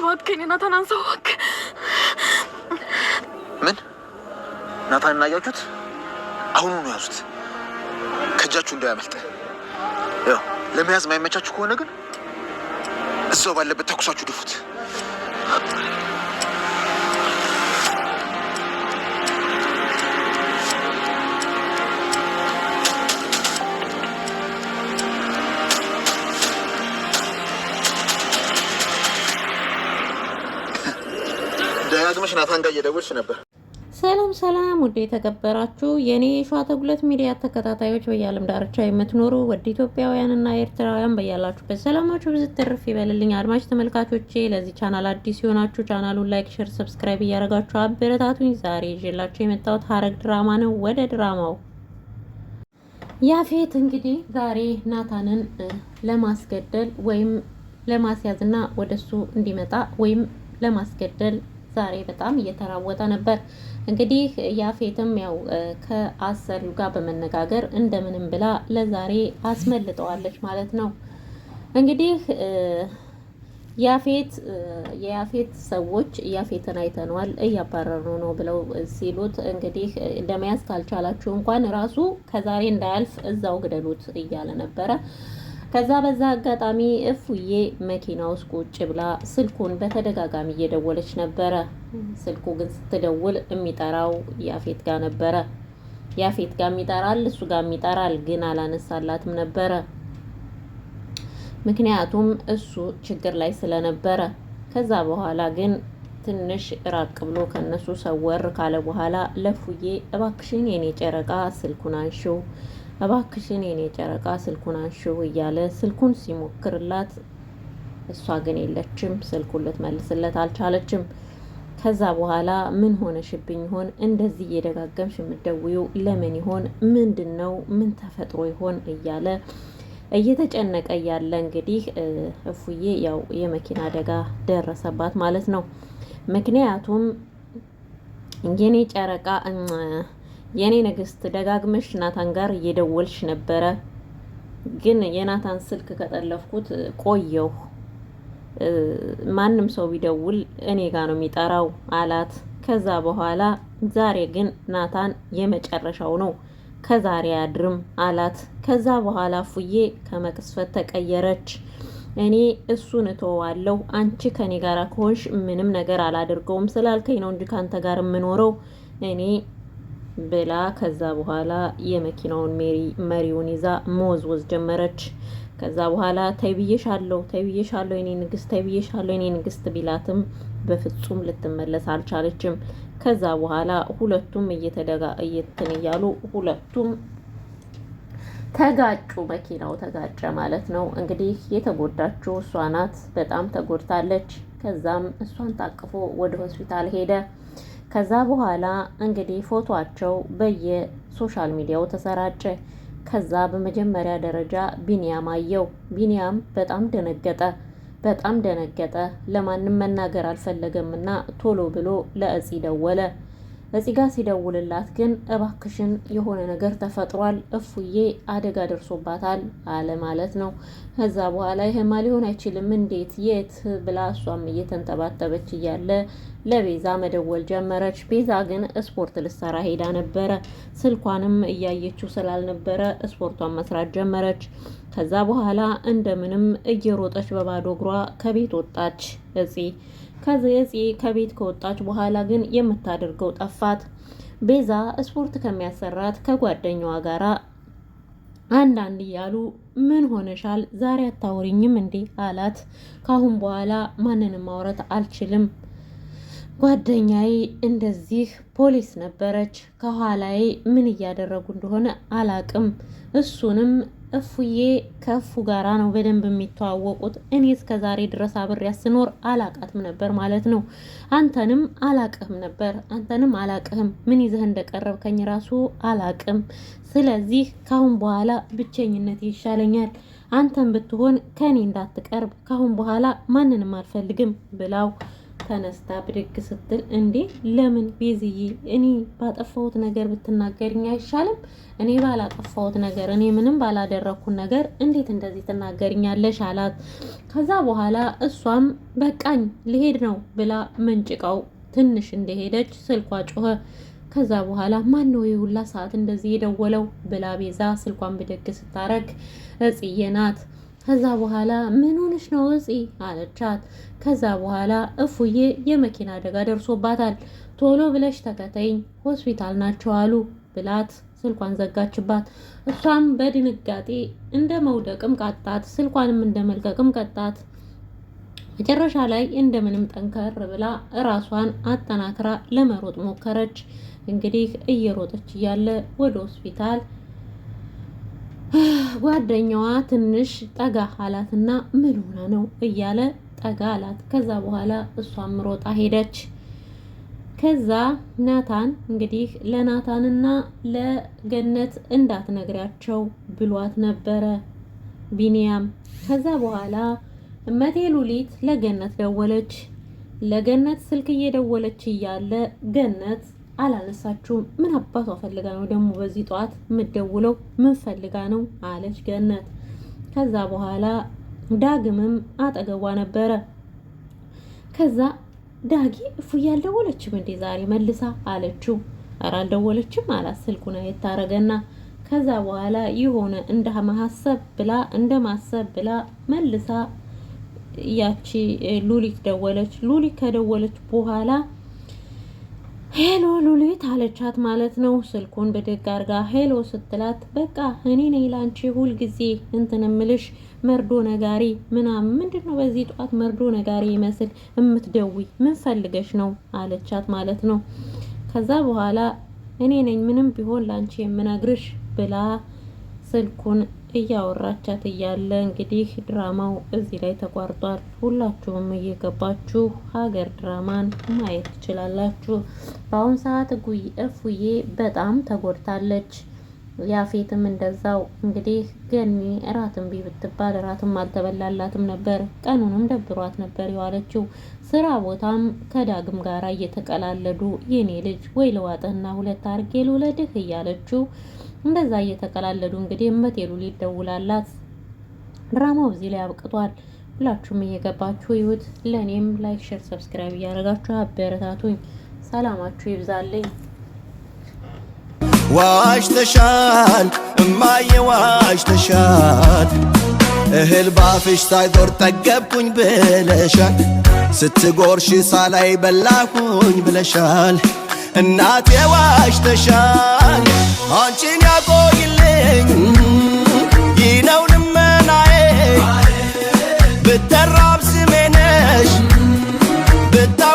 እባክህ ናታን አንሳው እባክህ። ምን ናታን እናያችሁት? አሁኑ ነው ያዙት፣ ከእጃችሁ እንዳያመልጥ። ያው ለመያዝ የማይመቻችሁ ከሆነ ግን እዛው ባለበት ተኩሳችሁ ድፉት። ደጋግመሽ ናታን ጋር እየደወልሽ ነበር። ሰላም ሰላም፣ ውድ የተከበራችሁ የኔ ሸዋተጉለት ሚዲያ ተከታታዮች በየዓለም ዳርቻ የምትኖሩ ውድ ኢትዮጵያውያንና ኤርትራውያን በያላችሁበት ሰላማችሁ ብዙ ትርፍ ይበልልኝ። አድማጭ ተመልካቾቼ፣ ለዚህ ቻናል አዲስ የሆናችሁ ቻናሉን ላይክ፣ ሼር፣ ሰብስክራይብ እያደረጋችሁ አበረታቱኝ። ዛሬ ይዤላችሁ የመጣሁት ሐረግ ድራማ ነው። ወደ ድራማው ያፌት እንግዲህ ዛሬ ናታንን ለማስገደል ወይም ለማስያዝና ወደሱ እንዲመጣ ወይም ለማስገደል ዛሬ በጣም እየተራወጠ ነበር። እንግዲህ ያፌትም ያው ከአሰሪው ጋር በመነጋገር እንደምንም ብላ ለዛሬ አስመልጠዋለች ማለት ነው። እንግዲህ ያፌት የያፌት ሰዎች ያፌትን አይተነዋል እያባረሩ ነው ብለው ሲሉት እንግዲህ ለመያዝ ካልቻላችሁ እንኳን ራሱ ከዛሬ እንዳያልፍ እዛው ግደሉት እያለ ነበረ። ከዛ በዛ አጋጣሚ እፉዬ መኪና ውስጥ ቁጭ ብላ ስልኩን በተደጋጋሚ እየደወለች ነበረ። ስልኩ ግን ስትደውል የሚጠራው ያፌት ጋር ነበረ። ያፌት ጋር ይጠራል፣ እሱ ጋር ይጠራል፣ ግን አላነሳላትም ነበረ። ምክንያቱም እሱ ችግር ላይ ስለነበረ። ከዛ በኋላ ግን ትንሽ ራቅ ብሎ ከነሱ ሰወር ካለ በኋላ ለፉዬ እባክሽን የኔ ጨረቃ ስልኩን አንሺው እባክሽን የኔ ጨረቃ ስልኩን አንሺው እያለ ስልኩን ሲሞክርላት እሷ ግን የለችም። ስልኩን ልትመልስለት አልቻለችም። ከዛ በኋላ ምን ሆነሽብኝ ይሆን እንደዚህ እየደጋገምሽ የምትደውይው ለምን ይሆን ምንድን ነው ምን ተፈጥሮ ይሆን እያለ እየተጨነቀ ያለ እንግዲህ እፉዬ ያው የመኪና አደጋ ደረሰባት ማለት ነው። ምክንያቱም የኔ ጨረቃ የኔ ንግስት ደጋግመሽ ናታን ጋር እየደወልሽ ነበረ፣ ግን የናታን ስልክ ከጠለፍኩት ቆየሁ። ማንም ሰው ቢደውል እኔ ጋር ነው የሚጠራው አላት። ከዛ በኋላ ዛሬ ግን ናታን የመጨረሻው ነው፣ ከዛሬ አድርም አላት። ከዛ በኋላ ፉዬ ከመቅስፈት ተቀየረች። እኔ እሱን እተወዋለሁ አንቺ ከኔ ጋር ከሆንሽ ምንም ነገር አላደርገውም ስላልከኝ ነው እንጂ ካንተ ጋር የምኖረው እኔ ብላ ከዛ በኋላ የመኪናውን ሜሪ መሪውን ይዛ መወዝወዝ ጀመረች። ከዛ በኋላ ተይብዬሻለሁ ተይብዬሻለሁ የኔ ንግስት ተይብዬሻለሁ የኔ ንግስት ቢላትም በፍጹም ልትመለስ አልቻለችም። ከዛ በኋላ ሁለቱም እየተደጋ እየትን እያሉ ሁለቱም ተጋጩ። መኪናው ተጋጨ ማለት ነው። እንግዲህ የተጎዳችው እሷ ናት። በጣም ተጎድታለች። ከዛም እሷን ታቅፎ ወደ ሆስፒታል ሄደ። ከዛ በኋላ እንግዲህ ፎቶቸው በየሶሻል ሚዲያው ተሰራጨ። ከዛ በመጀመሪያ ደረጃ ቢኒያም አየው። ቢኒያም በጣም ደነገጠ። በጣም ደነገጠ። ለማንም መናገር አልፈለገምና ቶሎ ብሎ ለእጽ ደወለ። እዚህ ጋር ሲደውልላት ግን እባክሽን የሆነ ነገር ተፈጥሯል፣ እፉዬ አደጋ ደርሶባታል አለ ማለት ነው። ከዛ በኋላ ይሄማ ሊሆን አይችልም እንዴት የት ብላ እሷም እየተንጠባጠበች እያለ ለቤዛ መደወል ጀመረች። ቤዛ ግን ስፖርት ልሰራ ሄዳ ነበረ። ስልኳንም እያየችው ስላልነበረ ስፖርቷን መስራት ጀመረች። ከዛ በኋላ እንደምንም እየሮጠች በባዶ እግሯ ከቤት ወጣች እጽ ከዚህ ከቤት ከወጣች በኋላ ግን የምታደርገው ጠፋት። ቤዛ ስፖርት ከሚያሰራት ከጓደኛዋ ጋራ አንዳንድ እያሉ ምን ሆነሻል ዛሬ አታወሪኝም እንዴ አላት። ካሁን በኋላ ማንንም ማውረት አልችልም። ጓደኛዬ እንደዚህ ፖሊስ ነበረች። ከኋላዬ ምን እያደረጉ እንደሆነ አላቅም። እሱንም እፉዬ ከእፉ ጋራ ነው በደንብ የሚተዋወቁት። እኔ እስከ ዛሬ ድረስ አብሬያት ስኖር አላቃትም ነበር ማለት ነው። አንተንም አላቅህም ነበር፣ አንተንም አላቅህም። ምን ይዘህ እንደቀረብከኝ ራሱ አላቅም። ስለዚህ ካሁን በኋላ ብቸኝነት ይሻለኛል። አንተን ብትሆን ከእኔ እንዳትቀርብ፣ ካሁን በኋላ ማንንም አልፈልግም ብላው ተነስታ ብድግ ስትል እንዴ ለምን ቤዝዬ እኔ ባጠፋሁት ነገር ብትናገርኝ አይሻልም? እኔ ባላጠፋሁት ነገር እኔ ምንም ባላደረግኩት ነገር እንዴት እንደዚህ ትናገርኛለሽ? አላት። ከዛ በኋላ እሷም በቃኝ ልሄድ ነው ብላ ምንጭቃው ትንሽ እንደሄደች ስልኳ ጮኸ። ከዛ በኋላ ማን ነው የሁላ ሰዓት እንደዚህ የደወለው ብላ ቤዛ ስልኳን ብድግ ስታረግ እጽዬ ናት። ከዛ በኋላ ምን ሆነሽ ነው እፂ አለቻት። ከዛ በኋላ እፉዬ የመኪና አደጋ ደርሶባታል፣ ቶሎ ብለሽ ተከተኝ ሆስፒታል ናቸው አሉ ብላት ስልኳን ዘጋችባት። እሷም በድንጋጤ እንደ መውደቅም ቀጣት፣ ስልኳንም እንደ መልቀቅም ቀጣት። መጨረሻ ላይ እንደምንም ጠንከር ብላ እራሷን አጠናክራ ለመሮጥ ሞከረች። እንግዲህ እየሮጠች እያለ ወደ ሆስፒታል ጓደኛዋ ትንሽ ጠጋ አላት እና ምን ሆነ ነው እያለ ጠጋ አላት። ከዛ በኋላ እሷም ሮጣ ሄደች። ከዛ ናታን እንግዲህ ለናታንና ለገነት እንዳትነግሪያቸው ብሏት ነበረ ቢኒያም። ከዛ በኋላ እመቴ ሉሊት ለገነት ደወለች። ለገነት ስልክ እየደወለች እያለ ገነት አላነሳችሁም። ምን አባቷ ፈልጋ ነው ደግሞ በዚህ ጠዋት የምትደውለው? ምን ፈልጋ ነው አለች ገነት። ከዛ በኋላ ዳግምም አጠገቧ ነበረ። ከዛ ዳጊ እፉዬ አልደወለችም እንዴ ዛሬ መልሳ አለችው። ኧረ አልደወለችም አላት ስልኩን አየት አደረገና ከዛ በኋላ የሆነ እንደ ማሰብ ብላ እንደ ማሰብ ብላ መልሳ ያቺ ሉሊት ደወለች። ሉሊት ከደወለች በኋላ ሄሎ ሉሊት አለቻት ማለት ነው። ስልኩን ብድግ አርጋ ሄሎ ስትላት በቃ እኔ ነኝ ላንቺ ሁልጊዜ እንትን እምልሽ መርዶ ነጋሪ ምናምን ምንድን ነው በዚህ ጠዋት መርዶ ነጋሪ ይመስል እምትደዊ ምን ፈልገሽ ነው አለቻት ማለት ነው። ከዛ በኋላ እኔ ነኝ ምንም ቢሆን ላንቺ የምነግርሽ ብላ ስልኩን እያወራቻት እያለ እንግዲህ ድራማው እዚህ ላይ ተቋርጧል። ሁላችሁም እየገባችሁ ሀገር ድራማን ማየት ትችላላችሁ። በአሁን ሰዓት እፉዬ በጣም ተጎድታለች። ያፌትም እንደዛው እንግዲህ ገኒ እራት ቢብትባል ብትባል እራትም አልተበላላትም ነበር። ቀኑንም ደብሯት ነበር የዋለችው። ስራ ቦታም ከዳግም ጋራ እየተቀላለዱ የኔ ልጅ ወይ ልዋጥህና ሁለት አርጌ ልውለድህ እያለችው እንደዛ እየተቀላለዱ እንግዲህ እመት ሉሊት ደውላላት። ድራማው እዚህ ላይ አብቅቷል። ሁላችሁም እየገባችሁ ይሁት። ለእኔም ላይክ፣ ሼር፣ ሰብስክራይብ እያደረጋችሁ አበረታቱኝ። ሰላማችሁ ይብዛልኝ። ዋሽተሻል እማዬ ዋሽተሻል፣ እህል ባፍሽ ሳይዞር ጠገብኩኝ ብለሻል። ስትጎርሽ ሳላይ በላኩኝ ብለሻል። እናቴ ዋሽተሻል አንቺን ያቆይልኝ ይነው ልመናዬ ብተራብ ስሜነሽ ብታ